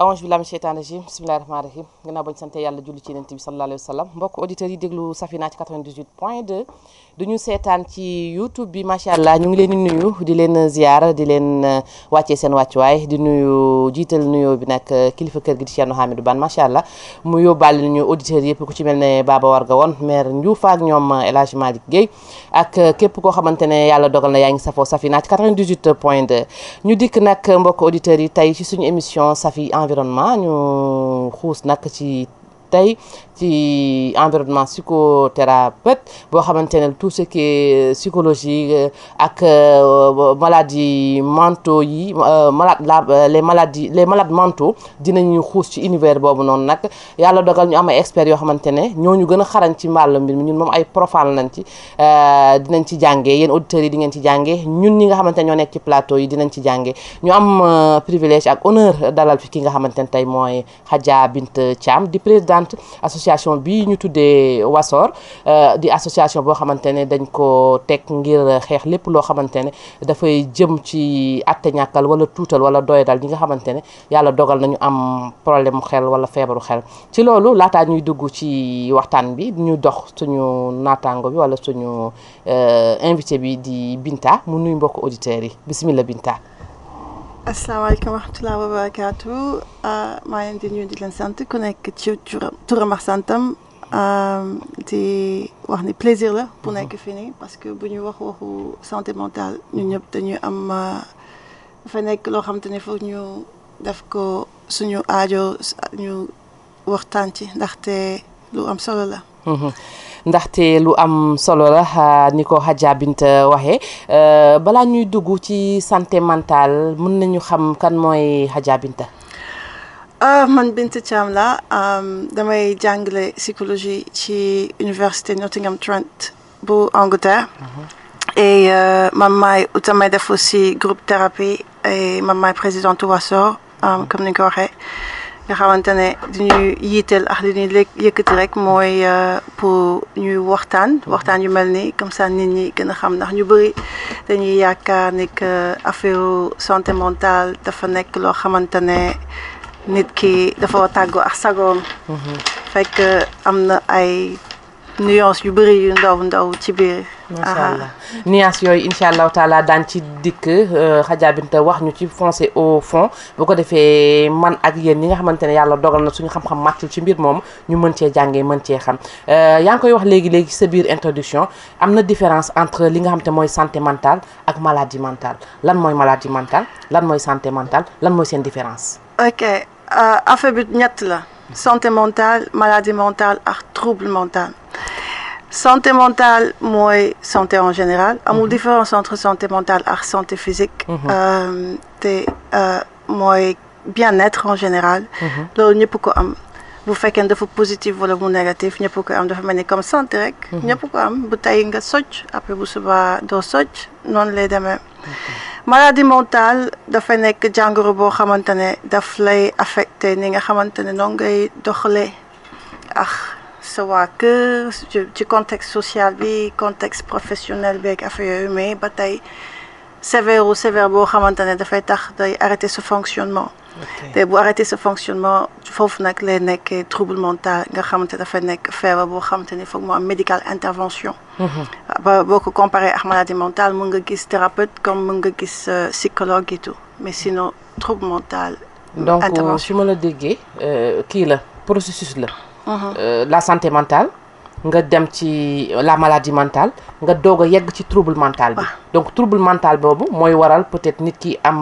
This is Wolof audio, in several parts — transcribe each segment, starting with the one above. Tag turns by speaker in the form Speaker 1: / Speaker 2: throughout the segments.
Speaker 1: aonge billahi cheytaan rajim bismillahi rahmani rahim ginnaaw bañ sante yàlla julli ci yonent bi sallallahu alayhi mbokk auditeurs yi déglu Safina ci point 2 du seetaan ci youtube bi macha allah ñu ngi leen di nuyu di leen ziar di leen uh, wàccee seen wàcc wàccuwaay di nuyu jiital nuyoo bi nag uh, kilifa kër gi di Cheikh Hamidou Bane macha allah mu yóbbaale ñu auditeurs yëpp ku ci mel ne Baba Warga woon maire Ndiouf ak ñoom uh, El Hadj Malick Guèye ak képp koo xamante ne na yaa ngi safoo Safina ci 98 point 2 ñu yi tey suñu émission environnement ñu xuus nag ci tey ci environnement psychothérapeute boo xamante ne tout ce qui est euh, psychologie euh, ak euh, maladies mentaux yi malade la les maladies les malades mentaux dinañu xuus ci univers boobu noonu nag yàlla dogal ñu am ay yoo xamante ne ñu gën a xarañ ci mbàllu mbir mi ñun moom ay profane nañ ci dinañ ci jàngee yéen auditeurs yi di ngeen ci jàngee ñun ñi nga xamante ne ñoo nekk ci yi dinañ ci jàngee ñu am privilège ak honneur dalal fi ki nga xamante ne tey mooy Hadja Bint Thiam di présidente association bi ñu tuddee Wasor euh, di association boo xamante ne dañ ko teg ngir xeex lépp loo xamante ne dafay jëm ci atte ñàkkal wala tuutal wala doyadal ñi nga xamante ne yàlla dogal nañu am problème mu xel wala feebaru xel ci loolu laataa ñuy dugg ci waxtaan bi ñu dox suñu naataango bi wala suñu euh, invité bi di Binta mu nuyu mbokk auditeurs yi bismillah Binta
Speaker 2: asalaamaaleykum wa rahmatulah wa barakaatu uh, maa leen di nuyu di leen sant ku nekk ci turam ak santam um, di wax ni plaisir la pour mhm. nekk fii nii parce que bu ñu wax waxu santé mentale ñun ñëpp dañuy am uh, dafa nekk loo xam te ne foog ñu def ko suñu aajo ñu waxtaan ci ndaxte lu am solo la.
Speaker 1: Mhm. ndaxte lu am solo la ni ko Hadja Binta waxee euh, bala ñuy dugg ci santé mentale mën nañu xam kan moy Hadja Binta.
Speaker 2: Ah, man Binta Thiam la damay jàngale psychologie ci université Nottingham Trent bu Angleterre. Mhm. et euh, man maay damay def aussi groupe thérapie et man maay présidente Wasor mhm. comme ni ko waxee. nga xamante ne duñuy yiiteel ak li ñuy yëkkati rek mooy euh, pour ñuy waxtaan waxtaan yu mel ni comme ça nit ñi gën a xam ndax ñu bëri dañuy yaakaar ni que euh, affaire santé mentale dafa nekk loo xamante ne nit ki dafa tàggoo ak sagoom mhm. fekk euh, am na ay nuance yu bëri yu ndaw ndaw ci biir. macha allah
Speaker 1: nuance yooyu incha allahu taala daan ci dikk euh, Khadja Binta wax ñu ci foncé au fond bu ko defee man ak yéen ñi nga xamante ne yàlla dogal na suñu xam-xam màccul ci mbir moom ñu mën cee jàngee mën cee xam euh, yaa ngi koy wax léegi léegi sa biir introduction am na différence entre li nga xamante mooy santé mentale ak maladie mentale lan mooy maladie mentale lan mooy santé mentale lan mooy seen différence.
Speaker 2: ok euh, affaire bi ñett la santé mentale maladie mentale et trouble mental santé mentale moi, santé en général une mhm. différence entre santé mentale et santé physique moi mhm. euh, euh, moi bien-être en général mhm. bu fekkee dafa positif wala mu négatif ñëpp ko am dafa mel ni comme sant rek. Mhm. ñëpp ko am bu tey nga socc après bu suba doo socc noonu lay demee. maladi mentale dafa nekk jàngoro boo xamante ne daf lay affecté ni nga xamante ne noonu ngay doxalee ak sa waa ci contexte social bi contexte professionnel beeg affaire yooyu mais ba tey. sévère ou sévère boo xamante arrêter ce fonctionnement Pour arrêter ce fonctionnement il faut que nek trouble mental nga xamante dafay faut nek boo xamante ni il faut am médical intervention mhm. ba ko comparé à maladie mentale gis thérapeute
Speaker 1: comme mun euh, psychologue mais sinon trouble mental euh, donc sur euh, mon la qui est le processus mhm. la santé mentale nga dem ci la maladie mentale nga doog yegg ci trouble mental bi ah. donc trouble mental bobu moy waral peut-être nit ki am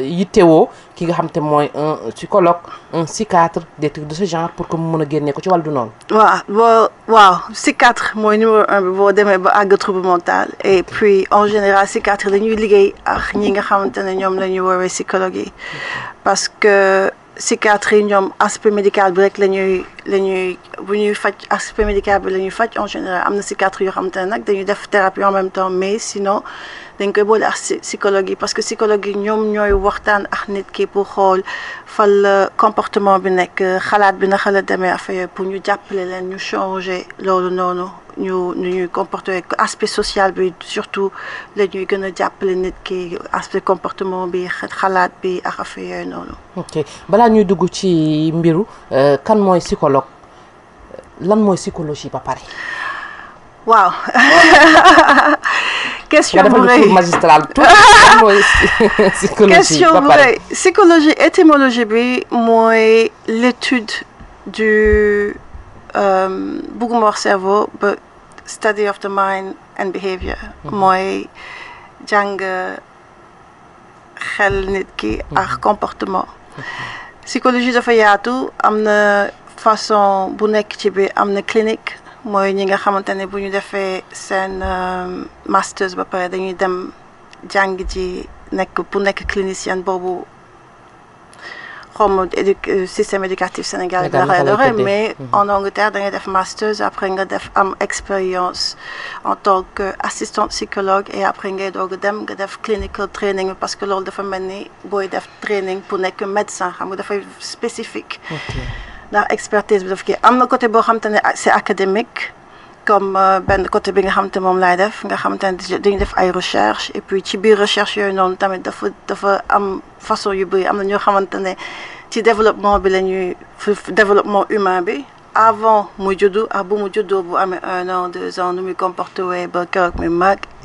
Speaker 1: yittewoo ki nga xam te un psychologue un psychiatre des trucs de ce genre pour que mu mën a ko ci wàllu non waaw
Speaker 2: waaw psychiatre moy numéro un bi boo demee ba trouble mental et puis en général psychiatre dañuy liggéey ak ñi nga xamante ñom lañuy la psychologue parce que psychiatrie yi aspect médical bi rek lañuy lañuy bu ñuy faj aspect médical bi lañuy ñuy faj en général amna na psychiatrie yo xamante nak dañuy def thérapie en même temps mais sinon dañ koy boole ak parce que psychologie ñom ñoy waxtaan ak nit ki pour xol fal comportement bi nek xalaat bi na la demee affaire pour ñu jappalé len ñu changer lolu noonu ñu nu ñuy comporter aspect social mais surtout la ñuy qui a jàppale qui aspect comportement bi xalaat bi ak affaire non,
Speaker 1: ok balaa ñuy dugg ci mbiru euh, kan mooy psychologue lan mooy psychologie ba pare.
Speaker 2: waaw question bu rëy magistral tout
Speaker 1: question bu rëy
Speaker 2: psychologie étymologie bi mooy l'étude du. Ehm, bugguma wax cerveau ba study of the mind and behavior mhm. mooy jàng xel nit ki mhm. ak comportement psychologie dafa yaatu am na façon bu nekk ci biir am na clinique mooy ñi nga xamante ne bu ñu defee seen ehm, masters ba pare dañuy dem jàng ji nekk bu nekk clinicien boobu xawma euh, système éducatif sénégalais, mais mhm. en Angleterre da a des masters après nga def am expérience en tant quassistante psychologue et après ngay doog dem clinical training parce que loolu de mel ni booy def training pour que médecin spécifique ndax expertise bi daf kii côté ah, c'est académique comme eh, de côté bi nga xamante mom laay def nga xamante de def ay recherche et puis ci bi recherche yooyu noonu tamit dafa dafa am façon yu bëri am na ñoo ci développement bi la développement humain bi avant muy juddu ak bu mu juddoo bu amee un an deux ans nous nous comporté wee mais keroog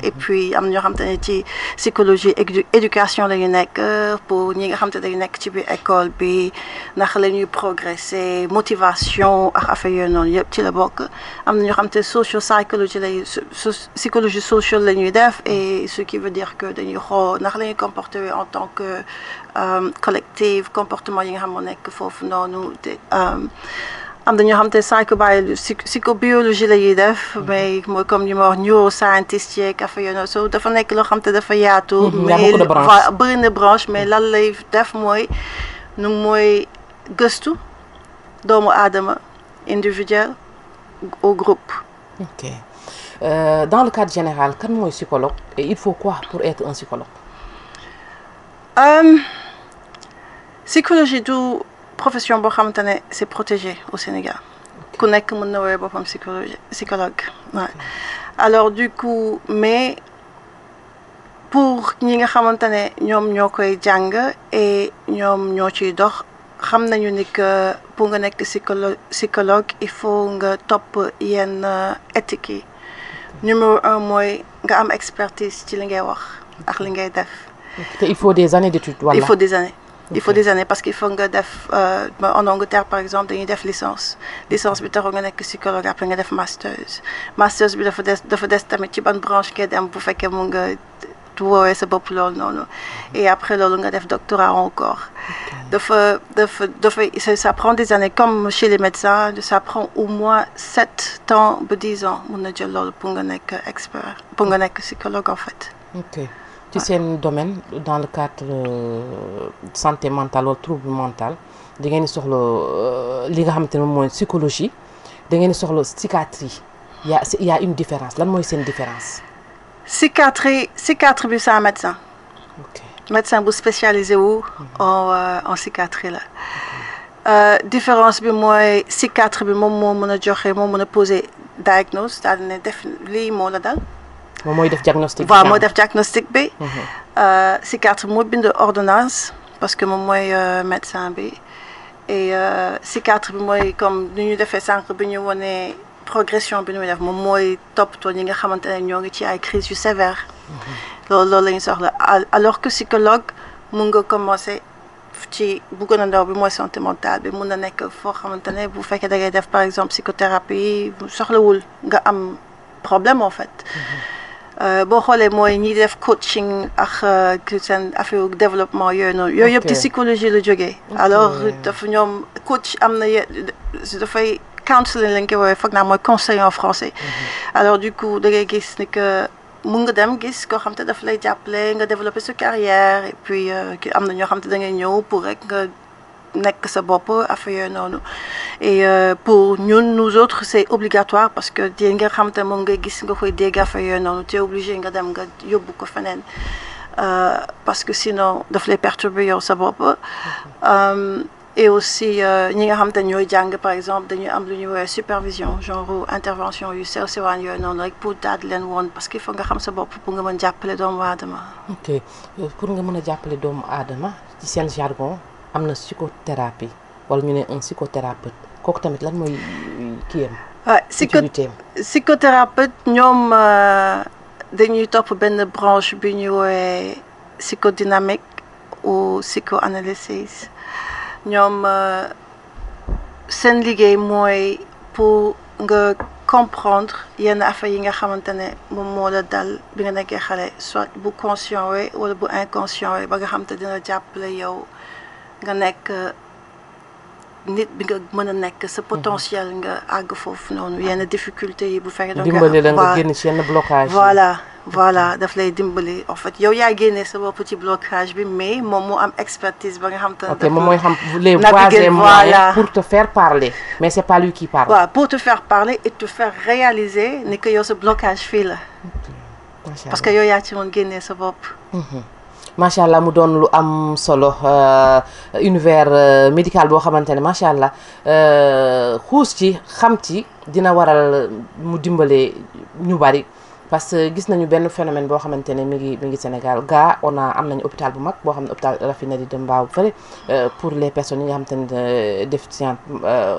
Speaker 2: et puis am na ñoo xam te ci psychologie éducation la ñu euh, pour ñi nga xam te ne dañu ci biir école bi ndax la progresser motivation à affaire yooyu noonu yëpp ci la bokk am na xam te social psychologie psychologie sociale la ñuy def et ce qui veut dire que dañuy xool ndax la comporté en tant que euh, collectif comportement yi nga xam moo nekk foofu noonu euh, am na hamster xam la mais mhm. comme neuroscientist yeeg so te mais branche mais mhm. lay def mooy nu mooy individuel
Speaker 1: au groupe. ok euh, dans le cadre général kan psychologue et il faut quoi pour être un psychologue.
Speaker 2: Euh, psychologie profession boo xamante ne protégé au Sénégal Connais comme mën na woowee psychologue psychologue waaw alors du coup mais pour ñi nga xamantane ñom ñoom ñoo et ñom ñoci dox xam nañu ni que pour nga nek psychologue il faut nga top yenn éthique numéro un mooy nga am expertise ci li ngay wax ak li ngay def.
Speaker 1: il faut des années d'études voilà. il faut des
Speaker 2: années il faut des années parce qu'il faut nga def euh, en Angleterre par exemple dañuy def licence licence bi taxul nga nekk psychologue après nga def masters masters bi faut des faut des tamit ci ban branche ngay dem bu tout mu nga pas pour bopp non non et après le nga def doctorat encore dafa dafa dafa ça prend des années comme chez les médecins ça prend au moins sept ans ou dix ans pour nga nekk expert pour nga nekk psychologue en fait
Speaker 1: ci seen domaine dans le cadre euh, santé mentale wala trouble mental da ngeen di soxla euh, li nga xamante ne moom mooy psychologie da ngeen di soxla psychiatrie y a y a une différence lan mooy seen différence. psychiatrie psychiatre bi
Speaker 2: c'est un médecin. ok médecin bu spécialisé wu. Mhm. en euh, en psychiatrie la. différence bi mooy psychiatre bi moom moo mën a joxe moo mën a poser diagnose daal ne def lii moo la dal
Speaker 1: moom mooy def diagnostic bi. waaw moo def
Speaker 2: diagnostic bi. psychiatre moo bind ordonnance parce que moom mooy médecin bi et psychiatre bi mooy comme ni ñu defee sànq bi ñu wonee progression bi ñu def moom mooy toppatoo ñi nga xamante ne ñoo ngi ci ay crise yu sévère. Mhm. loolu loolu la ñu soxla alors que psychologue mun nga commencer ci bu gën a ndaw bi mooy santé mentale bi mun na nekk foo xamante ne bu fekkee da ngay def par exemple psychothérapie soxlawul nga am problème en fait. Mm -hmm. Euh, boo xoolee mooy ñi def coaching ak euh, seen affaire développement yooyu noonu. yooyu yëpp psychologie la jogé alors dafa ñoom coach amna na ye dafay counseling lañ koy woowee foog naa conseil en français. Mhm. alors du coup da ngay gis ni que mun nga dem gis ko xam te daf lay jàppale nga développer sa carrière et puis euh, am na ñoo xam te da ngay ñëw pour rek nga nek sa bop affaire nonou et euh, pour ñun nous autres c'est obligatoire parce que di nga xam tane mom nga gis nga koy dégg affaire nonou noonu tu es obligé nga dem nga yóbbu ko feneen euh, parce que sinon daf lay perturber yow sa bopp euh, et aussi ñi nga xam tane ñoy jang par exemple dañu am lu ñuy woowee supervision genre intervention yu sew sewaan yooyu noonu rek pour daal len woon parce que il faut nga xam sa bop pour nga mën jàppale doom adama
Speaker 1: ok pour nga mën a doom adama ci sen jargon am na psychothérapie wala ñu ne un psychothérapeute kooku tamit lan mooy euh, kiyam. Ah, psycho
Speaker 2: psychothérapeute ñoom euh, dañuy topp benn branche bi ñu woowee psychodynamique ou psychoanalysis ñoom euh, seen liggéey mooy pour nga comprendre yenn affaire yi nga xamante ne moom moo la dal bi nga nekkee xale soit bu conscient we wala bu inconscient we ba nga xam te dina jàppale yow nga nekk euh, nit bi nga mën a nekk sa potentiel nga àgg foofu noonu yenn difficulté yi bu fekkee. donc dimbali la nga génn ci yenn blocage voilà voilà daf lay dimbali en fait yow yaa génnee sa bopp ci blocage bi mais moom moo am expertise ba nga xam te ok moom
Speaker 1: mooy xam les voies pour te faire parler mais c'est pas lui qui parle. voilà
Speaker 2: pour te faire parler et te faire réaliser ni que yow sa blocage fii la. parce que yow yaa ci woon génnee sa bopp.
Speaker 1: Mhm. macha allah mu doon lu am solo euh, univers euh, médical boo xamante ne macha allah euh, xuus ci xam ci dina waral mu dimbale ñu bari. parce que gis nañu benn phénomène boo xamante ne mi ngi ngi Sénégal gaa on a am nañu hôpital bu mag boo xam ne hôpital raffinerie de Mbao fële pour les personnes yi nga xamante ne déficients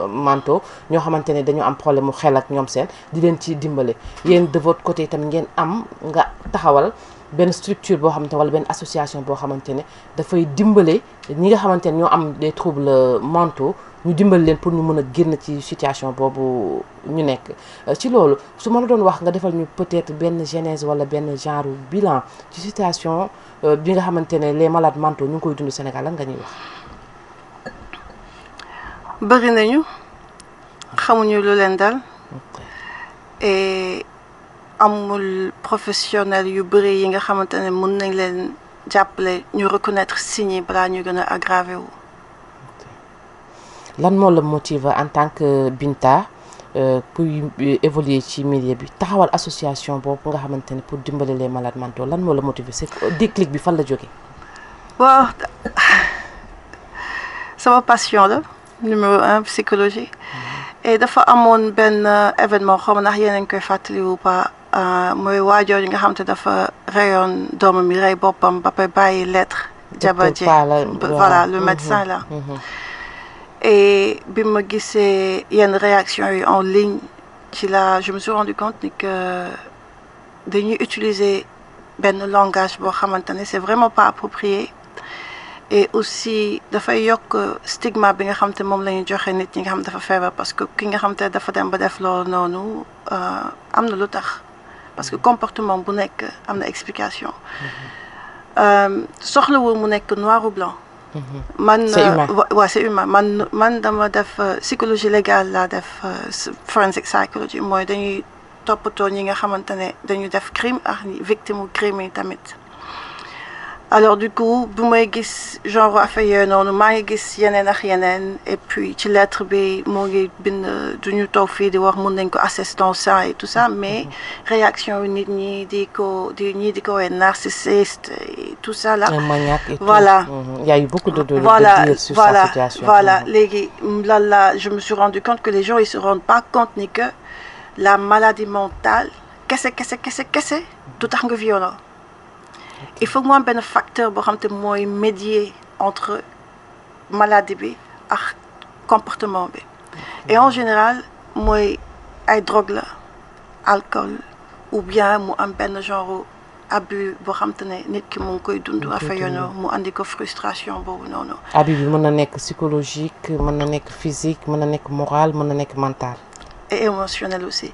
Speaker 1: mentaux ñoo xamante ne dañoo am problème mu xel ak ñoom seen di leen ci dimbale yéen de votre côté tamit ngeen am nga taxawal. ben structure boo xamante wala benn association boo xamante ne dafay dimbale ñi nga xamante ne ñoo am des troubles mentaux ñu dimbali leen pour ñu mën a génn ci situation boobu ñu nekk euh, ci loolu su ma la doon wax nga defal ñu peut-être benn genèse wala benn genre bilan ci situation euh, bi nga xamante ne les malades mentaux ñu ngi koy dund Sénégal lan nga ñuy wax bëri nañu xamuñu lu leen dal
Speaker 2: amul professionnel yu bëri yi nga xamante ne mën nañ leen jàppale ñu reconnaître signe yi balaa ñu gën a aggravé wu.
Speaker 1: lan moo la motive en tant que Binta euh, pour euh, évoluer ci milieu bi taxawal association boobu nga xamante ne pour dimbali les malades mentaux lan moo la motive c'est déclic bi fan la jógee. waaw sama passion
Speaker 2: la numéro un psychologie. Mm-hmm. et dafa amoon benn euh, événement xaw ma ndax yéen a koy fàttali ou pas ah, mooy waajooju nga xam te dafa reyoon doomam mi rey boppam ba pay bàyyi lettre jabar voilà le mhm, médecin là mhm. et bi ma gisee yenn réaction yi en ligne ci la je me suis rendu compte ni que dañuy utiliser benn langage boo xamante ne c'est vraiment pas approprié et aussi dafay yokk stigma bi nga xam te moom la ñuy joxe nit ñi nga xam dafa feebar parce que ki nga xam te dafa dem ba def loolu noonu euh, am na lu tax parce que comportement bu nekk a une explication mhm. euh, soxlawul mu nek noir ou blanc mhm. man euh, ouais c'est humain man man dama def euh, psychologie légale la def forensic psychology mooy dañuy toppatoo ñi nga xamante ne def crime ak victime ou tamit alors du coup, bu may genre affaire non, noonu maa ngi gis rien, rien, et puis tu lettre bi moo ngi bind du ñu toog fii di wax mun nañ assistance et tout ça mais mhm. réaction yi nit ñi di ko est narcissiste et tout ça là. voilà
Speaker 1: mhm. il y a eu beaucoup de de voilà voilà voilà
Speaker 2: mhm. la je me suis rendu compte que les gens ils se rendent pas compte ni que la maladie mentale qu'est-ce, quest quest qu'est-ce, qu'est-ce, tax nga violent il faut moi ben, un benn facteur boo xam médier entre maladie bi comportement bi et en général moi ay drogue là alcool ou bien moi am ben genre abus pour xam te qui nit ki mu ngi koy dund affaire yooyu noonu mu andi ko frustration non non
Speaker 1: abus mon anec psychologique mon anec physique mon anec moral mon anec mental.
Speaker 2: et émotionnel aussi. Okay.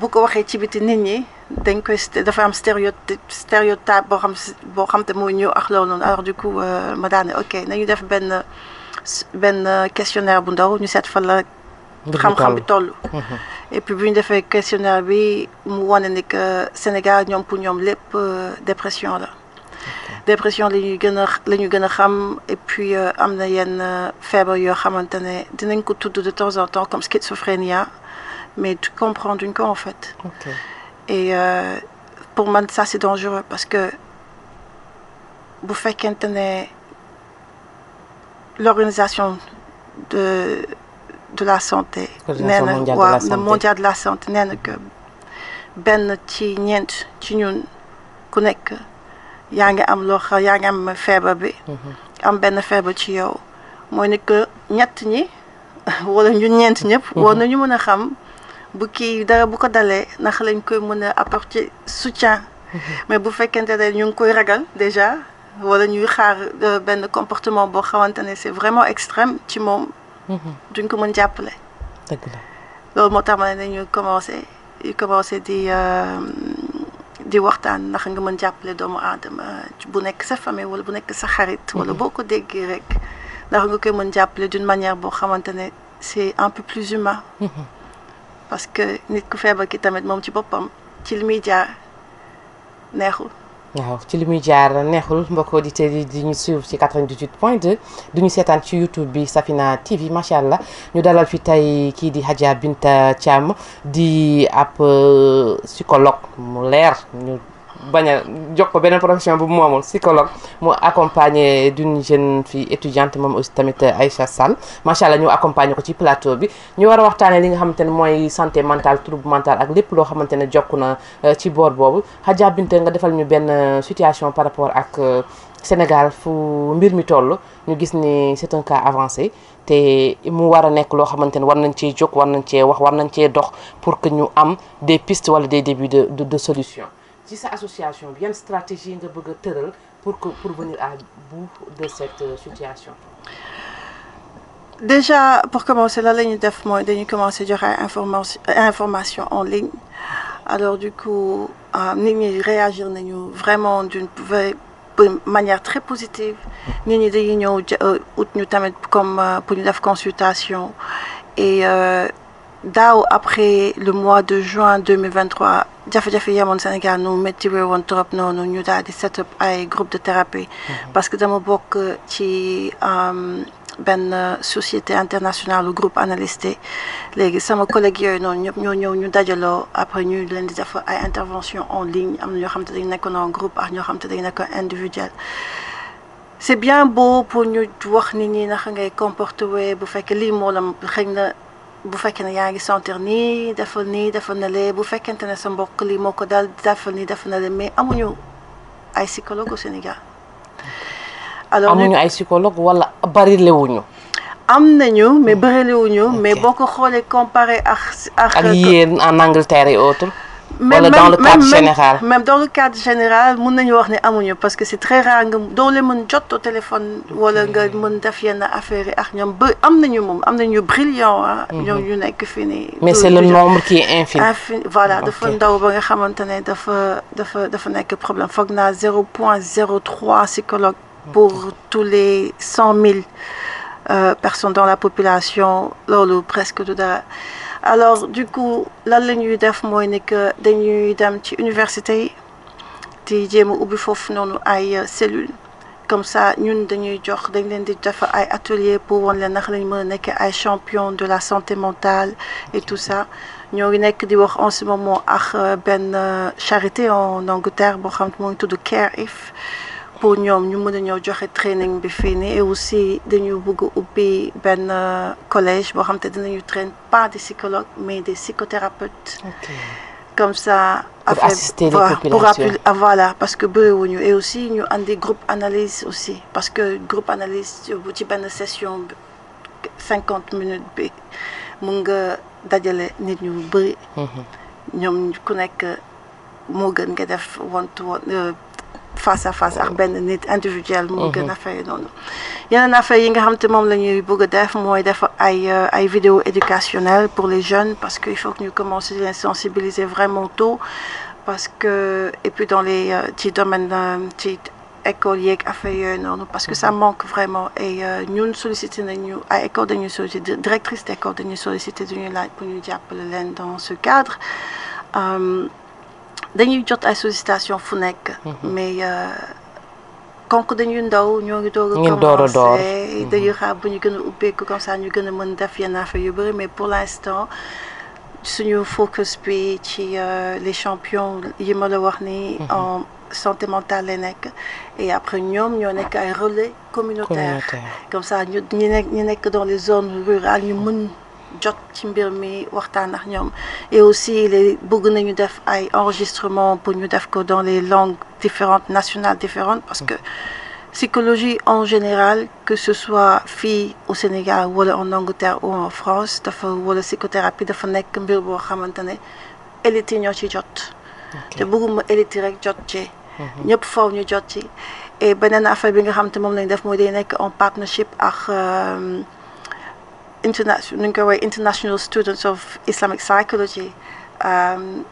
Speaker 2: bu ko waxee ci biti nit ñi dañ koy dafa am stéréotype stéréotype boo xam boo xam te moo ñëw ak loolu alors du coup euh, ma daane ok nañu def benn benn questionnaire bu ndaw ñu seet fa la
Speaker 1: xam-xam bi toll
Speaker 2: mhm. et puis bu ñu defee questionnaire bi mu wane ni que Sénégal ñoom pour ñoom lépp euh, dépression la dépression la ñuy gën a la ñu gën a xam et puis euh, am na yenn feebar yoo xamante ne dinañ ko tudd de temps en temps comme schizophrénie mais tu comprends d'une coup en fait. Okay. Et euh, pour moi, ça c'est dangereux parce que vous faites l'organisation de, de la santé, ou, le mondial de la santé, que ben ci ñent ci ñun ku nekk yaa ngi am lo xam yaa am feebar bi. Mhm. am ben feebar ci yow mooy ni que ñet ñi wala ñu ñent ñep mhm. war nañu mëna xam bu kii dara bu ko dalee ndax lañ koy mën apporter soutien. Mhm. mais bu fekkente ne ñu ngi koy ragal déjà wala ñuy xaar euh, benn comportement boo xamante c'est vraiment extrême ci moom. Mhm. duñ ko mën jàppale. dëgg la loolu moo tax ma ne commencé ñu commencé di euh, di waxtaan ndax nga mën jàppale doomu aadama bu nekk sa famille wala bu nekk sa xarit. wala mhm. boo ko déggee rek ndax nga koy mën jàppale d'une manière boo xamante ne c'est un peu plus humain. parce que nit ku feebar ki tamit moom ci boppam ci lu muy jaar neexul.
Speaker 1: waaw ci li muy jaar neexul mbokk auditeurs yi di ñu suivre ci 98 point 2 du ñu seetaan ci YouTube bi Safina TV macha allah ñu dalal fi tey kii di Hadja Binta Thiam di ab euh, psychologue mu leer baña a jox ko benen profession bu moomul psychologue mu accompagné d'une jeune fille étudiante mom aussi tamit euh, Aïcha Sall machallah ñu accompagné ko ci plateau bi ñu wara waxtane li nga xamantene moy santé mentale trouble mental ak lepp lo xamantene ne na euh, ci bor bobu Hadja Binte nga defal ñu benn euh, situation par rapport ak Sénégal fu mbir mi tollu ñu gis ni c'est un cas avancé té mu wara nek lo xamantene war nañ ci jokk war nañ ci wax war nañ ci dox pour que ñu am des pistes wala des débuts de de solutions ci association stratégie de bëgg pour que pour venir à bout de cette euh, situation. déjà pour
Speaker 2: commencer la ligne de mois nous commencer joxe information information en ligne alors du coup à ah, ñi réagir nous vraiment d'une manière très positive ni ni des unions comme euh, pour une consultation et. Euh, daaw après le mois de juin 2023 jafe-jafe yi amoon Sénégal nu métti woon trop noonu ñu daal di ay groupe de thérapie mhm. parce que dama bokk ci ben société internationale groupe analysté léegi sama collègue yooyu nous nous nous nous ñu dajaloo après ñu leen di def ay intervention en ligne am na ñoo xam un groupe nous ñoo xam te dañ individuel c'est bien beau pour ñu wax nit ñi naka ngay comporter bu fekkee que les mots bu fekkee ne yaa ngi sentir nii defal nii defal na le bu fekkente ne sa mbokk lii moo ko dal defal nii defal na lee mais amuñu ay psychologue au Sénégal.
Speaker 1: alors amuñu ay psychologue wala bari wuñu am nañu mais bëri
Speaker 2: lewuñu mais boo ko xoolee comparé ak. ak yéen
Speaker 1: en Angleterre y autres. même dans le cadre général même
Speaker 2: dans le cadre général mon nañu wax ne amuñu parce que c'est très rare nga doo leen mën au téléphone wala nga mon def affaire affaires yi ak ñoom ba am nañu am nañu brillant ah. Mhm. ñoom ñu que fini. mais c'est le nombre qui est infini. voilà de ndaw ba nga xamante ne dafa dafa dafa problème il naa zéro que pour mhm. tous les 100 000 euh, personnes dans la population là presque tout dara alors du coup lan la ñuy def mooy ni que dañuy dem ci université yi di jéem a ubbi foofu noonu ay euh, cellules comme ça ñun dañuy jox dañ leen di def ay atelier pour woon leen naka lañ mën a nekkee ay champion de la santé mentale et tout ça ñoo ngi nekk di wax en ce moment ak ben charité en Angleterre boo xam ne moo ngi tudd Care If pour ñom ñu mëna a ñëw joxe training bi et aussi dañu bëgg a ubbi ben collège bo xam te dinañu train pas des psychologues mais des psychothérapeutes. comme ça. pour assister les voilà ah, parce que ñu et aussi ñu des groupes analyse aussi parce que groupe analyse bu ci une session de 50 minutes bi mu nga dajalé nit ñu bëri. Mhm. ñom ku nekk mo gën nga def one to one. Euh, face à face ak benn individuel mhm. affaire yi nga euh, vidéo pour les jeunes parce que faut que nous commencer à sensibiliser vraiment tôt parce que et puis dans les petits euh, domaine d'un écoliers de parce que ça mhm. manque vraiment et euh, ñun l'école de directrice de l'école de pour dans ce cadre dañuy jot association sollicitation fu nekk mhm. mais euh, konk dañuy ndaw ñoo ngi doog a commencé mhm. dañuy xaar bu ñu gën a ubbeeku comme ça ñu gën a mën def yenn affaire yu bëri mais pour l'instant suñu focus bi ci euh, les champions yi ma la wax ni mhm. en santé mentale lay nekk et après ñoom ñoo nekk ay relais communautaire comme ça ñu ñu nekk ñi nekk dans les zones rurales ñu mën jot ci mbir mi waxtaan ak ñoom et aussi les bëgg nañu def ay enregistrement pour ñu def ko dans les langues différentes nationales différentes parce que psychologie en général que ce soit fille au Sénégal wala en Angleterre ou en France dafa wala psychothérapie dafa nekk mbir bo xamante ne élite ñoo ci jot te bëgguma élite rek jot ci mhm. ñëpp faaw ñu jot ci et beneen affaire bi nga xam mom lañ def mooy day nekk en partnership ak euh, international international students of Islamic psychology um,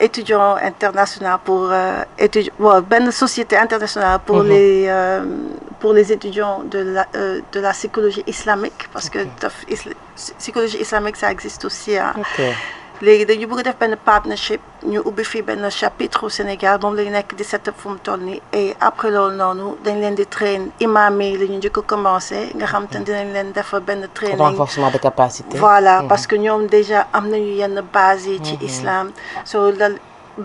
Speaker 2: international pour euh, société internationale pour mhm. les euh, pour les étudiants de la euh, de la psychologie islamique parce que que psychologie islamique ça existe aussi hein léegi dañu bëgg def ben partnership ñu ubbi fi ben chapitre au Sénégal moom lañu nekk di setup fu mu toll et après loolu noonu dañ leen di train imam li ñu jikko commencer nga xam te dinañ leen def ben training renforcement
Speaker 1: de capacité
Speaker 2: voilà mm-hmm. parce que ñom déjà am nañu yenn base yi ci mm-hmm. islam so la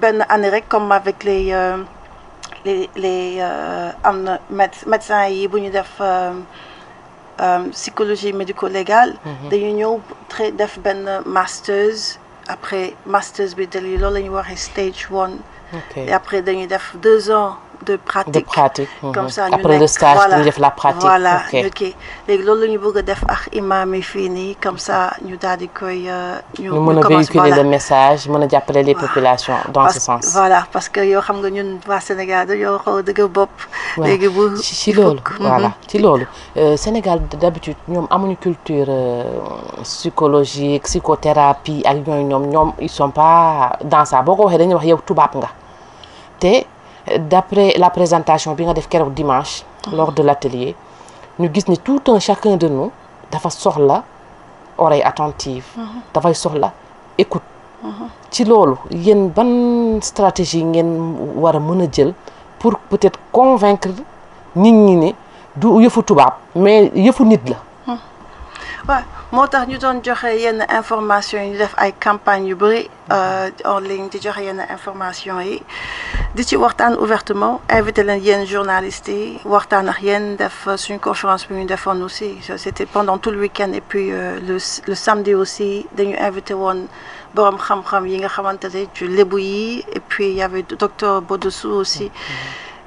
Speaker 2: ben année rek comme avec les euh, les les euh, am na médecins yi bu ñu def euh, euh psychologie médico-légale mm-hmm. dañu ñëw très def ben masters après masters bi dali loolu la ñuy waxee stage one. et après dañuy def deux ans. de pratique. De
Speaker 1: pratique. Mhm. Après le stage, voilà, nous avons la pratique. Voilà. Ok.
Speaker 2: Les gens qui ont fait un imam est fini. Comme ça, nous avons nous, nous véhiculer le
Speaker 1: message. Nous avons appeler les populations dans ce sens.
Speaker 2: Voilà. Parce que nous avons vu le Sénégal. Nous avons vu le Gobop.
Speaker 1: C'est ça. Voilà. Au mhm. euh, Sénégal, d'habitude, nous avons une culture euh, psychologique, psychothérapie. Ils ne sont pas dans ça. Ils ne sont pas dans ça. Et d'après la présentation que nga def kéro dimanche lors de l'atelier nous gis ni tout un chacun de nous dafa soxla oreille attentive mhm. dafay soxla écoute mhm. ci lolu yeen ban stratégie ngeen wara a jël pour peut-être convaincre nit ñi ne du yeufu tubaab mais yeufu nit la
Speaker 2: mhm moo tax ñu doon joxe yenn information yi def ay campagne yu euh, en ligne di joxe yenn information yi di ci waxtaan ouvertement invité l'Indien journaliste journalistes yi waxtaan ak def suñu conférence bi ñu defoon aussi c'était pendant tout le week-end et puis euh, le le samedi aussi dañu invité one borom xam-xam yi nga xamante ne ci lébu yi et puis il y avait docteur Bodoussou aussi. Mm-hmm.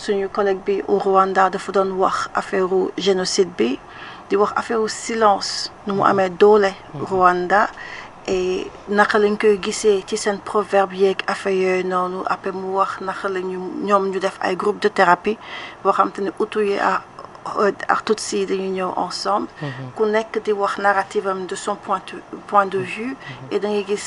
Speaker 2: suñu collègue bi au Rwanda dafa doon wax affaire génocide bi di wax affaire silence nu mu mm-hmm. amee doole mm-hmm. Rwanda et naka lañ koy gisee ci seen proverbe yeeg affaire yooyu noonu après mu wax naka la ñu ñoom ñu def ay groupe de thérapie boo xam te ne utu yi ah artutsi dañuy ñëw ensemble mm-hmm. ku nekk di wax narrative am de son point point de vue et da ngay gis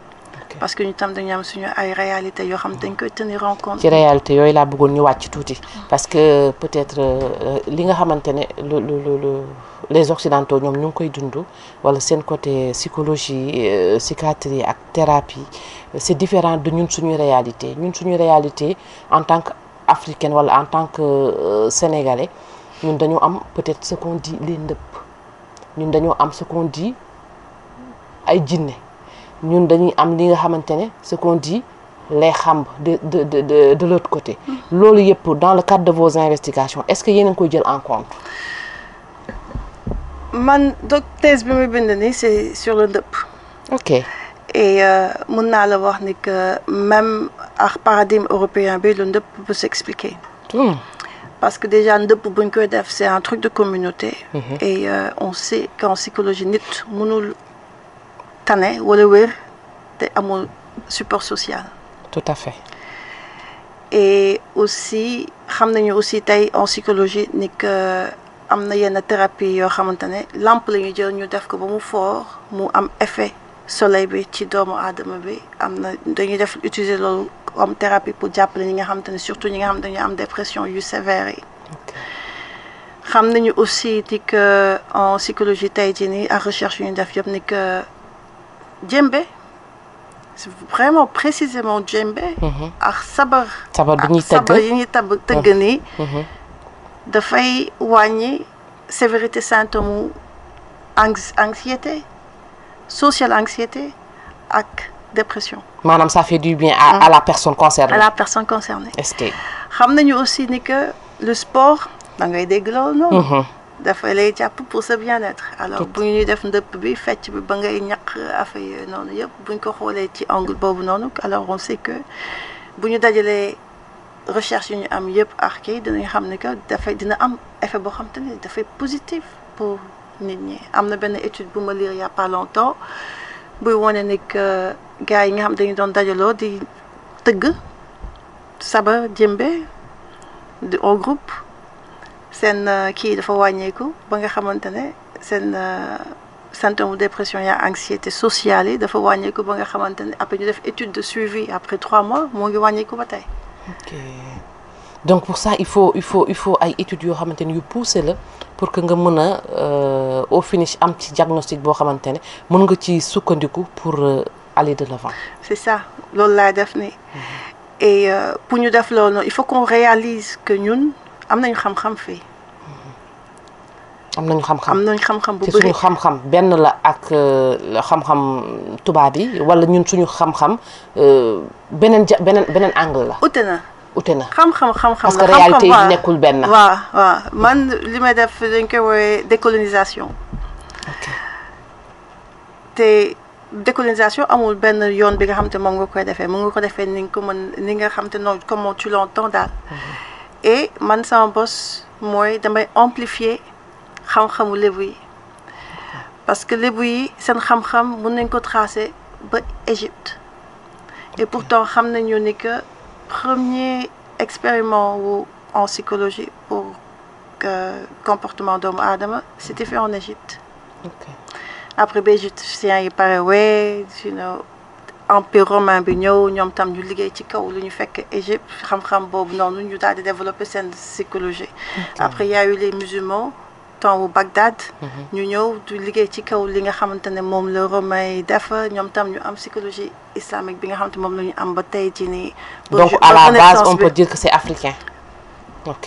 Speaker 2: parce que ñu tam dañu am suñu ay réalité nous xam dañ koy tenir
Speaker 1: en compte. ci réalité yooyu laa bëggoon ñu wàcc parce que euh, peut-être euh, euh, li nga xamante le, nous les occidentaux ñoom ñu koy dund wala côté psychologie psychiatrie et thérapie c'est différent de ñun réalités. réalité ñun suñuy réalité en tant qu'Africains ou en tant que sénégalais nous avons peut-être ce qu'on dit les nous ñun ce qu'on dit ay nous dañuy am li nga ce qu'on dit les xamb de de de de de l'autre côté. dans le cadre de vos investigations est-ce que yéen a ngi koy jël en compte.
Speaker 2: man donc thèse bi c'est sur le ndëpp. ok et euh, mun naa la wax que même le paradigme européen le ndëpp peut s'expliquer. Hmm. parce que déjà le buñ koy def c'est un truc de communauté. Mhm. et euh, on sait qu'en psychologie nit mënul ou wala wér té amul support social. tout à fait. et aussi xamnañu aussi tay en psychologie ni que am yenn thérapie yo xamante lampe lañu jël ñu def ko ba mu fort mu am effet soleil bi ci doomu adama bi amna dañuy def utiliser lolu comme thérapie pour jàppale ñi nga xamante surtout ñi nga xam dañu am dépression yu sévère yi. xam nañu aussi ni que en psychologie tay jii à recherche une def ni que djembe vraiment précisément djembe mhm. ak ah, sabar
Speaker 1: sabar bi ah, ñuy tëgg sabar yi
Speaker 2: ñuy sévérité mhm. mhm. sévérité symptôme anxiété social anxiété ak dépression
Speaker 1: Madame, ça fait du bien à, la personne concernée à la
Speaker 2: personne concernée est-ce que xam aussi ni que le sport da ngay dégg loolu dafa lay jàpp pour sa bien-être alors bu ñuy def ndëpp bi fecc bi ba ngay ñaq affaire yooyu noonu yëpp buñ ko xoolee ci angle boobu noonu alors on sait que bu ñu dajalee recherche yu ñu am yëpp ak kii dinañ xam ne que dafay dina am effet boo xam te ne dafay positif pour nit ñi am na benn étude bu ma lire il y a pas longtemps buy wane ni que gars yi nga xam dañu doon dajaloo di tëgg sabar jëmbe en groupe sen euh, kii dafa wàññeeku ba nga xamante ne seen euh, symptôme dépression ya anxiété sociale yi dafa wàññeeku ba nga xamante ne après ñu def étude de suivi après trois mois moo ngi wàññeeku ba tey.
Speaker 1: ok donc pour ça il faut il faut il faut ay études yoo xamante ne yu poussé la pour que nga mën a euh, au finish am ci diagnostic boo xamante ne mën nga ci sukkandiku pour aller de l'avant.
Speaker 2: c'est ça loolu laa def nii. Mhm. et pour ñu def loolu il faut qu'on réalise que ñun. am nañ xam-xam fii.
Speaker 1: am nañ xam-xam am nañ xam-xam bu bëri suñu xam-xam benn la ak xam-xam tubaab yi wala ñun suñu xam-xam beneen ja beneen beneen angle la. ute na ute na xam-xam xam-xam la parce que réalité yi nekkul benn. waaw
Speaker 2: waaw man li may def dañ koy woowee décolonisation. ok te décolonisation amul benn yoon bi nga xam te moom nga koy defee mu nga ko defee ni nga ko mën ni nga xam te noonu comment tu l'entends daal. et man sama bos mooy damay amplifier xam-xamu le yi parce que lébu yi sen xam-xam mën nañ ko tracer ba Égypte et pourtant xam nañu ni que premier expériment en psychologie pour euh, comportement d'homme Adam, c'était fait en Égypte après ba égyptiens yi pare tu you know empire romain bi ñëw tam ñu liggéey ci kaw lu ñu fekk Égypte xam-xam boobu noonu ñu daal développer seen psychologie après il y a eu les musulmans tant au Bagdad mhm. ñu ñëw du liggéey ci kaw li nga xamante ne moom la romain yi def tam ñu am psychologie islamique bi nga xamante moom la am ba tey ci ni donc à la base on peut
Speaker 1: dire que c'est africain ok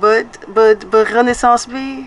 Speaker 2: ba ba ba renaissance bi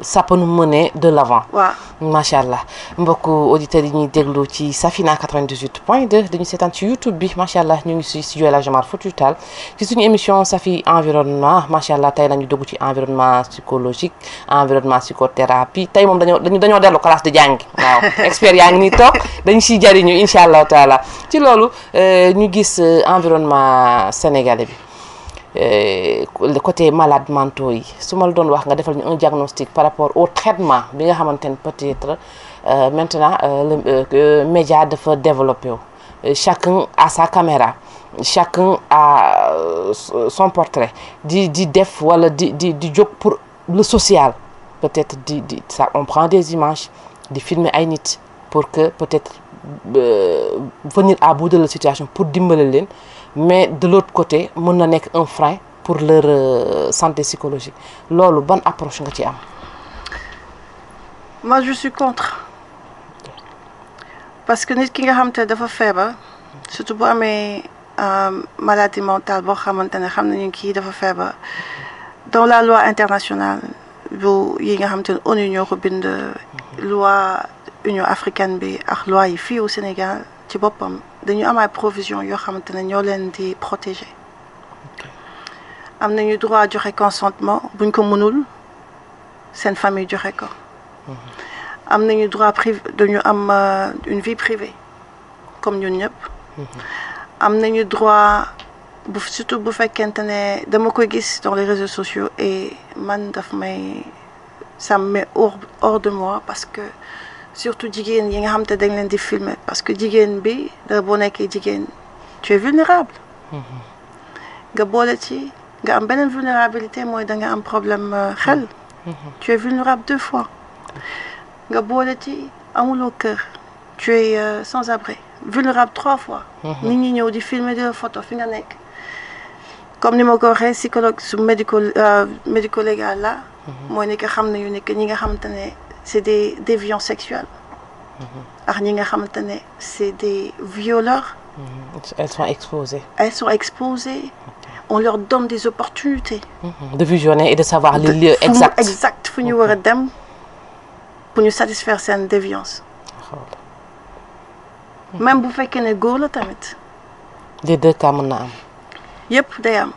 Speaker 1: ça peut nous mener de l'avant. waaw macha allah auditeurs yi déglu ci Safina 98.2 de 2 dañu YouTube bi Nous allah ñu ngi studio El Hadj Omar ci suñu émission Safi environnement macha allah tey nañu dugg environnement psychologique environnement psychothérapie tey moom dañoo dañoo dellu classe de jàngi Expérience expert yaa ngi nii toog dañ siy jariñu incha taala ci loolu euh, ñu gis euh, environnement sénégalais le euh, côté malade mentaux yi on un diagnostic par rapport au traitement bi nga peut-être euh, maintenant euh, le média dafa développer. chacun a sa caméra chacun a son portrait di di def wala di di pour le social peut-être ça on prend des images des films ay nit pour que peut-être venir à bout de la situation pour les leen mais de l'autre côté mon na un frein pour leur euh, santé psychologique loolu bonne approche nga ci am.
Speaker 2: moi je suis contre parce que nit ki nga xam te dafa faible surtout pour euh, les maladie mentale bo xamantene xam nañu ki dafa faible dans la loi internationale vous yi nga xam l'Union Européenne ONU loi. Union africaine bi ak loi yi fii au Sénégal ci boppam dañu am ay provision yoo xamante ne ñoo leen di protéger am nañu droit joxe consentement buñ ko mënul seen famille joxe ko mhm. am nañu droit privé dañu am euh, une vie privée comme ñun ñëpp mhm. am nañu droit bu surtout bu fekkente ne dama koy gis dans les réseaux sociaux et man daf may ça me met hors de moi parce que surtout jigéen yi nga xam te dañ leen di filmer parce que jigéen bi da boo nekkee jigéen tu es vulnérable mm-hmm. nga boole ci nga am beneen vulnérabilité mooy da nga am problème euh, xel mm-hmm. tu es vulnérable deux fois nga boole ci amuloo kër tu es euh, sans abri vulnérable trois fois mm-hmm. nit ñi ñëw di filmer di photo fi nga nekk comme ni ma ko waxee psychologue su médico euh, médico légal la mooy ni ko xam ne yu nekk ñi nga xam ne c'est des déviants sexuels. Mm-hmm. C'est des violeurs.
Speaker 1: Mhm. Elles sont exposées.
Speaker 2: Elles sont exposées. On leur donne des opportunités.
Speaker 1: Mhm. De visionner et de savoir les lieux exacts.
Speaker 2: Exact. Pour nous, pour nous satisfaire, cette déviance. Même vous faites qu'une goule, tamit.
Speaker 1: Les deux cas, mon âme.
Speaker 2: Yep, d'ailleurs.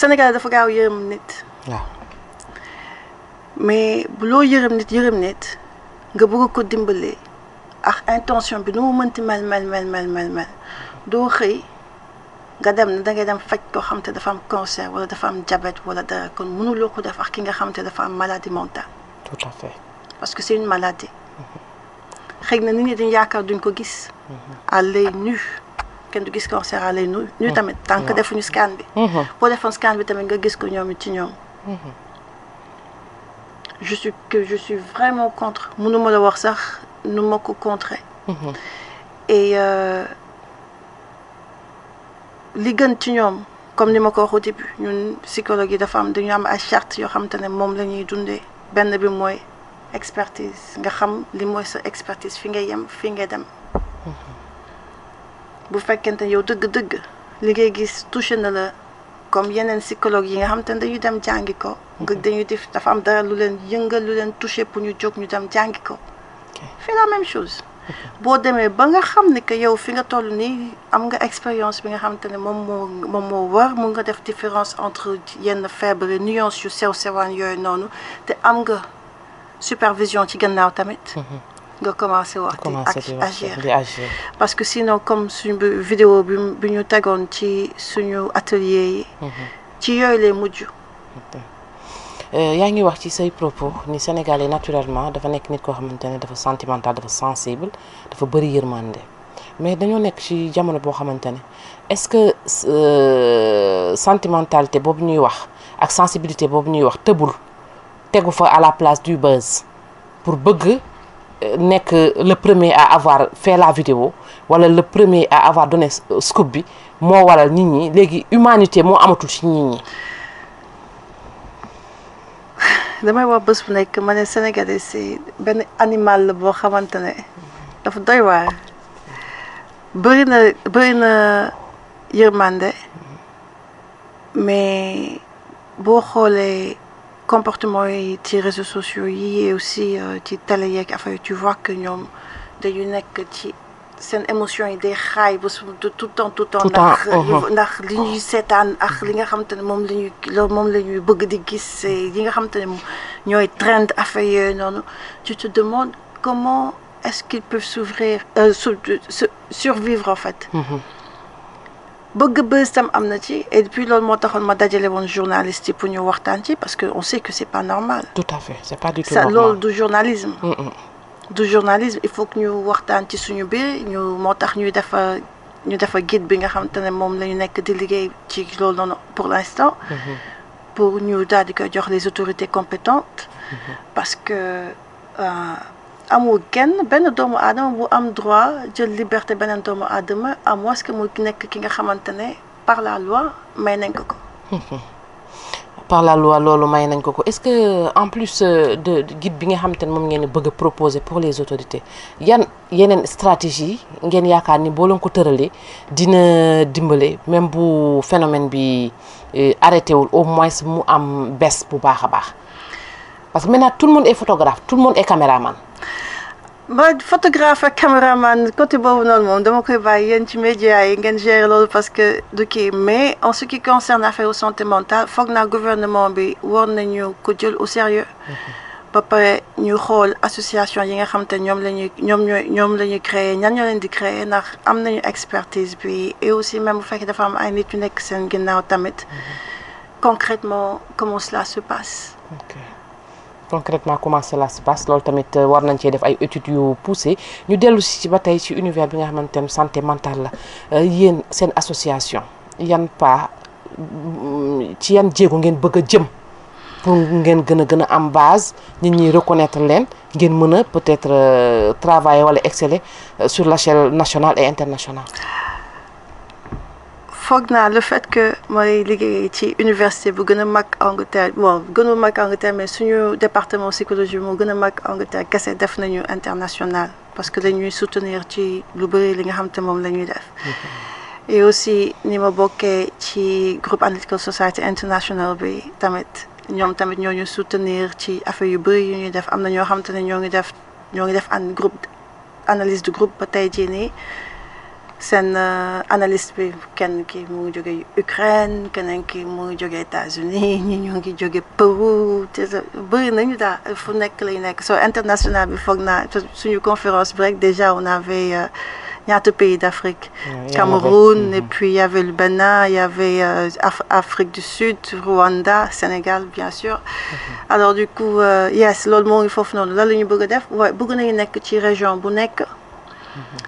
Speaker 2: Sénégal dafa gaaw yërëm nit. waaw mais bu loo yërëm nit yërëm nit nga bëgg ko dimbale ak intention bi nu mu mënti mel mel mel mel mel mel doo xëy nga dem ne ngay dem faj koo xam te dafa am cancer wala dafa am diabète wala dara kon mënuloo ko def ak ki nga xam te dafa am maladie mentale. tout à fait. parce que c'est une maladie. xëy na nit ñi dañ yaakaar duñ ko gis. Mhm. à lay nu kenn du gis cancer à lay nu. ñu mhm. tamit tant que defuñu scan bi. Mhm. boo defoon scan bi tamit nga gis ko ñoom ci ñoom je suis que je suis vraiment contre mon nom d'avoir ça, nous manque au contraire. Mhm. et euh, li gën ci comme ni ma au début ñun psychologue yi dafa am nous am ay charte yoo xamante ne moom la ñuy ben benn bi mooy expertise nga xam li mooy sa expertise fi ngay yem fi ngay dem mhm. bu fekkente yow dëgg-dëgg li ngay gis touché na la comme yeneen psychologue yi nga y a ne dañuy dem jàngi ko nga dañu def dafa am dara lu leen yëngal lu leen touché pour ñu jóg ñu dem jàngi ko la même chose bo demee ba nga xam que yow fi nga tollu ni am nga expérience bi nga xamante mom moom mo moom moo war mun nga def différence entre yenn faible nuance yu sew sewaan yoy nonu té am nga supervision ci gannaaw tamit mhm. nga commencé wax di agir parce que sinon comme suñu vidéo bi bi ñu tegoon ci suñu
Speaker 1: atelier mhm. ci yoy lay mujj euh, yaa ngi wax ci say propos ni sénégalais naturellement dafa nek nit ko xamante dafa sentimental dafa sensible dafa bari yërmande mais dañoo nekk ci jamono boo xamante est-ce que euh, sentimentalité boobu ñuy wax ak sensibilité boobu ñuy wax tëbul tegu fa à la place du buzz pour bëgg euh, nekk le premier à avoir fait la vidéo wala le premier à avoir donné scoop bi moo waral nit ñi léegi humanité moo amatul ci nit ñi
Speaker 2: damay wax bés bu nekk ma ne Sénégalais si benn animal la boo xamante ne dafa doy waar bëri na bëri na yërmande mais boo xoolee comportement yi ci réseaux sociaux yi et aussi euh, ci télé yeeg affaire tu vois que ñoom dañu nekk ci seen émotion yi day xaay ba tout le temps tout le temps ndax ndax li ñuy seetaan ak li nga xamante ne mom la ñuy loolu moom la ñuy bëgg di gis yi nga xamante ne ñooy trend affaire non. tu te demandes comment est-ce qu'ils peuvent s'ouvrir euh, survivre en fait mhm. Beug bës tam am na ci et puis loolu moo taxoon ma dajale woon journaliste pour ñu waxtaan ci parce que on sait que c'est pas normal
Speaker 1: tout à fait c'est pas du tout normal l'ordre
Speaker 2: du journalisme mm, mm du journalisme il faut que nous waxtan ci suñu ñu ñuy defa ñu guide bi nga di pour l'instant mhm. pour ñu daal les autorités compétentes mhm. parce que euh, amul kenn benn doomu aadama bu am droit jël liberté à doomu à moins que nekk ki nga par la loi may nañ
Speaker 1: par la loi est-ce que euh, en plus euh, de guide bi nga xam proposé pour les autorités Il y stratégie une stratégie. ni bolon ko tëralee dina dimbale même bu phénomène bi euh, arrêté au moins mu am baisse bu baaxa baax parce que maintenant tout le monde est photographe tout le monde est caméraman ba photographe cameraman,
Speaker 2: côté boobu noonu moom dama koy bàyyi yéen ci médias yi ngeen gérer loolu parce que du kii mais en ce qui concerne affaire santé mentale faut que le gouvernement bi war que ko jël au sérieux Papa, pare ñu xool association yi nga xam te ñoom la ñuy ñoom ñooy créer ñan di créer am expertise bi et aussi même bu que dafa am ay nit yu nekk seen tamit mhm. concrètement comment cela se passe. Okay
Speaker 1: concrètement comment cela se passe euh, war nañ def études poussées. poussé ñu déllu ci ci univers bi nga santé mentale la euh, association pas mm, ci pour ngeen base reconnaître ngeen peut-être euh, travailler exceller sur nationale et internationale
Speaker 2: foog naa le fait que moi liggéey ci université bu gëna a mag Angleterre bon gënu mag Angleterre mais suñu département psychologie mo gëna a mag Angleterre kese def nañu international parce que dañuy soutenir ci lu bëri li nga xam te moom la def et aussi ni ma bokké ci groupe Analytical Society International bi tamit ñom tamit ñoo ñu soutenir ci affaire yu bëri yu ñuy def am na ñoo xam te ñoo ngi def ñoo ngi def an groupe analyse de groupe ba tey sen seen eh, analyste bi ken ki mu ngi jóge Ukraine keneen ki mu ngi jóge États-Unis ñi ñu ngi jóge Pérou te bëri nañu daal fu nek lay nek so international bi foog naa suñu conférence break déjà on avait eh, ñaata pays d'Afrique Cameroun et mm-hmm. puis il y avait le Bénin il y avait eh, Afrique du Sud Rwanda Sénégal bien sûr mm-hmm. alors du coup yes loolu moo ngi foofu noonu lan la ñu bëgg a def waaye bëgg nañu nekk ci région bu nekk mm-hmm.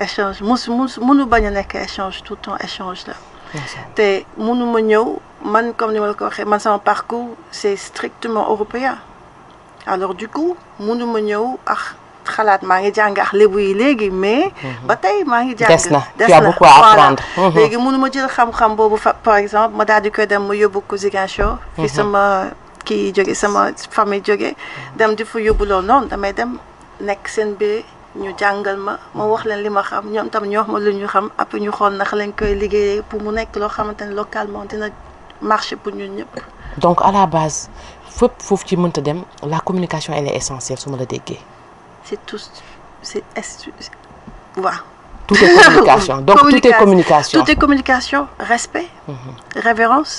Speaker 2: échange mus mus munu bañ a nekk échange tout le temps échange là. te munu ma ñëw man comme ni ma ko waxee man sama parcours c'est strictement européen alors du coup munu ma ñëw ah xalaat maa ngi jàng ak lébu yi légui, mais mhm. ba tey maa ngi jàng tu as beaucoup à apprendre mhm. Légui, munu ma jël xam-xam boobu par exemple ma daal di koy dem ma yóbbu ko Ziguinchor fi mhm. sama kii jóge sama famille jóge dem di fa yóbbu non, noonu damay dem nekk seen biir ñu jàngal ma ma wax leen li ma xam ñoom tam ñu wax ma lu ñu xam après ñu xool naka lañ koy liggéeyee pour mu nekk loo xamante ne localement dina marché pour ñun ñëpp.
Speaker 1: donc à la base fépp foofu ci mënta dem la communication elle est essentielle su ma la déggee. c'est tout c'est voilà. tout est communication donc tout est communication tout est
Speaker 2: communication respect. -hmm. révérence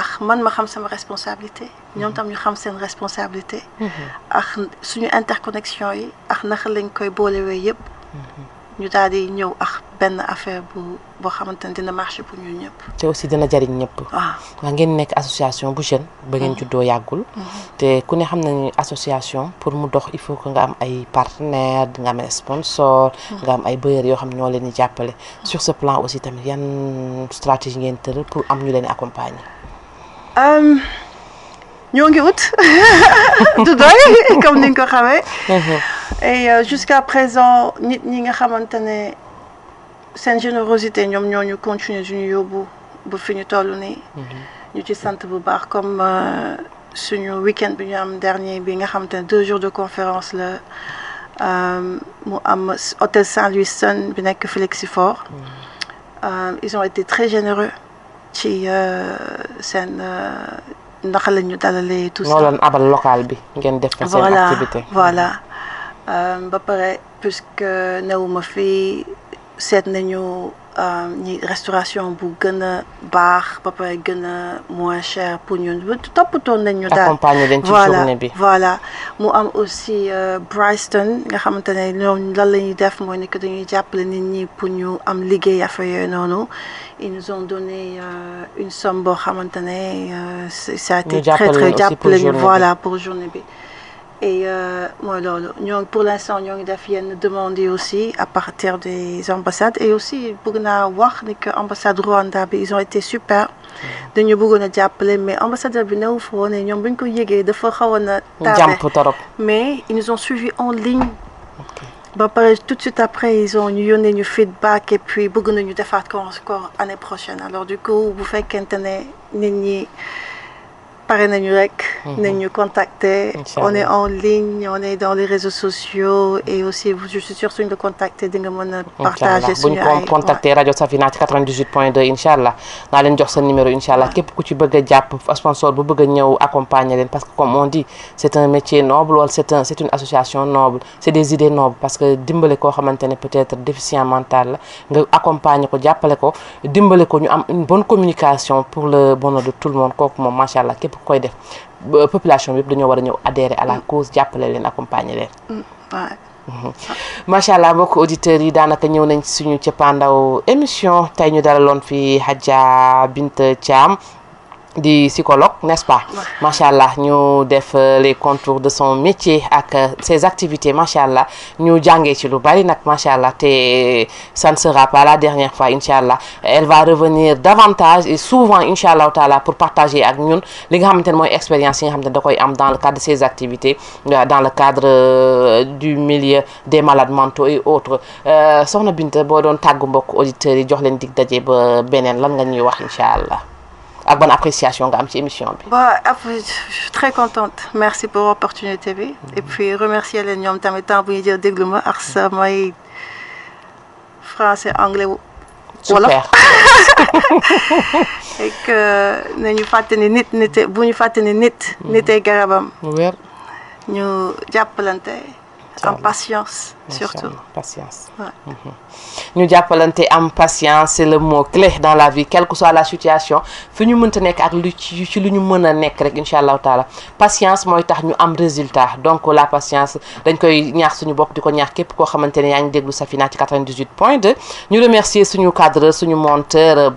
Speaker 2: ah man ma xam sama responsabilité ñoom tam ñu xam seen responsabilité. Mhm. ak suñu interconnexion yi ak naka lañ koy boolewee yëpp. Mhm. ñu daal di ñëw ak benn affaire bu boo xamante ne dina marché pour ñun ñëpp.
Speaker 1: te aussi dina jariñ ñëpp. Ah. waaw ngeen nekk association bu jeune. ba ngeen mm. juddoo yàggul. Mm-hmm. te ku ne xam nañu association pour mu dox il faut que nga am ay partenaires nga am ay sponsors. Mm. nga am ay bailleurs yoo xam ñoo leen di jàppale. Mm. sur ce plan aussi tamit yan stratégie ngeen tëral pour am ñu leen accompagner.
Speaker 2: Euh, ñoo ngi ut du comme ni nga ko uh-huh. euh, et jusqu'à présent nit ñi nga xamante ne générosité ñoom ñoo ñu continuer suñu yóbbu ba fi ñu toll nii. Uh-huh. ñu ci sant bu baax comme euh, suñu week-end bi dernier bi nga xamante deux jours de conférence la euh, mu am hôtel Saint-Louis Sun bi nekk Flexifort. Uh-huh. Euh, ils ont été très généreux C'est seen ndax lañu ñu dalalee. tout ça moo
Speaker 1: abal local bi ngeen def. seen activité voilà
Speaker 2: voilà euh, ba pare puisque newuma fii seet nañu une euh, restauration bu bar, baax moins cher pour nous, nous nañ voilà voilà mu am aussi euh, Bryston nga pour ils nous ont donné euh, une somme pour nous ça a été très très voilà pour journée et euh, pour l'instant, nous avons demandé aussi à partir des ambassades et aussi pour voir que l'ambassade Rwanda, ils ont été super. ñu ont voulu appeler, mais l'ambassade a bien ouvert, ils ont bien coupé, Mais ils nous ont suivis en ligne. tout de suite après, ils ont eu un feedback et puis nous ont voulu encore l'année prochaine. Alors du coup, vous faites qu'un ñi rek mhm. contacter on est en ligne on est dans les réseaux sociaux et aussi je suis sûre que vous contacter di nga mën partager Si vous contacter
Speaker 1: Radio Safina 98.2, 98 point 2 numéro Inch'Allah. vous képp ku sponsor bu accompagner parce que comme on dit c'est un métier noble c'est une association noble c'est des idées nobles parce que vous koo xamante peut être déficient mental Vous nga accompagner ko jàppale ko vous ko ñu une bonne communication pour le bonheur de tout le monde koy def population bi yëpp dañoo war a ñëw adhérer à la mm. cause jàppale leen accompagner leen.
Speaker 2: Mm, mhm. ah.
Speaker 1: macha allah mbokk auditeurs yi daanaka ñëw nañ suñu cëppaandaw émission tey ñu dalaloon fi Hadja Binta Thiam. di psychologue n'est-ce pas Masha'Allah, nous ñu def euh, les contours de son métier ak euh, ses activités Masha'Allah, nous ñu jàngee ci lu bari ça ne sera pas la dernière fois inchallah elle va revenir davantage et souvent inchallah pour partager avec nous li nga xamante ne dans le cadre de ses activités euh, dans le cadre du milieu des malades mentaux et autres soxna Binta boo des tàggu mbokk auditeurs yi jox leen dig daje ba beneen bonne appréciation de cette émission.
Speaker 2: Bah, ah, je suis très contente. Merci pour l'opportunité. Et puis, remercier les gens qui ont été dire que je suis moi, français, anglais. Voilà, Et que nous avons fait des nids, nous avons fait des nids, nous avons fait des nids. Nous avons fait des nids am patience surtout
Speaker 1: patience ñu mhm. jàppalante am patience c'est le mot clé dans la vie quelle que soit la situation fi nous mënta nekk ak lu ci ci lu ñu rek taala patience mooy tax ñu am résultat donc la patience dañ koy ñaax suñu bopp di ko ñaax képp koo xamante ne yaa ngi déglu Safina ci 98 ñu remercier suñu cadre suñu monteur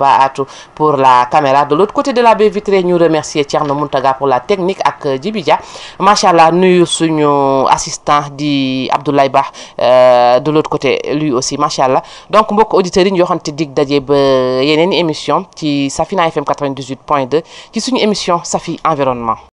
Speaker 1: pour la caméra de l'autre côté de la baie vitrée ñu remercier Thierno Muntaga pour la technique ak Djibidja Mashaallah, nous sommes nuyu suñu assistant Abdoulaye Bach euh, de l'autre côté lui aussi machallah donc beaucoup d'auditeurs yi ñu dit dig daje ba une émission ci Safina FM 98.2 qui est une émission Safi environnement.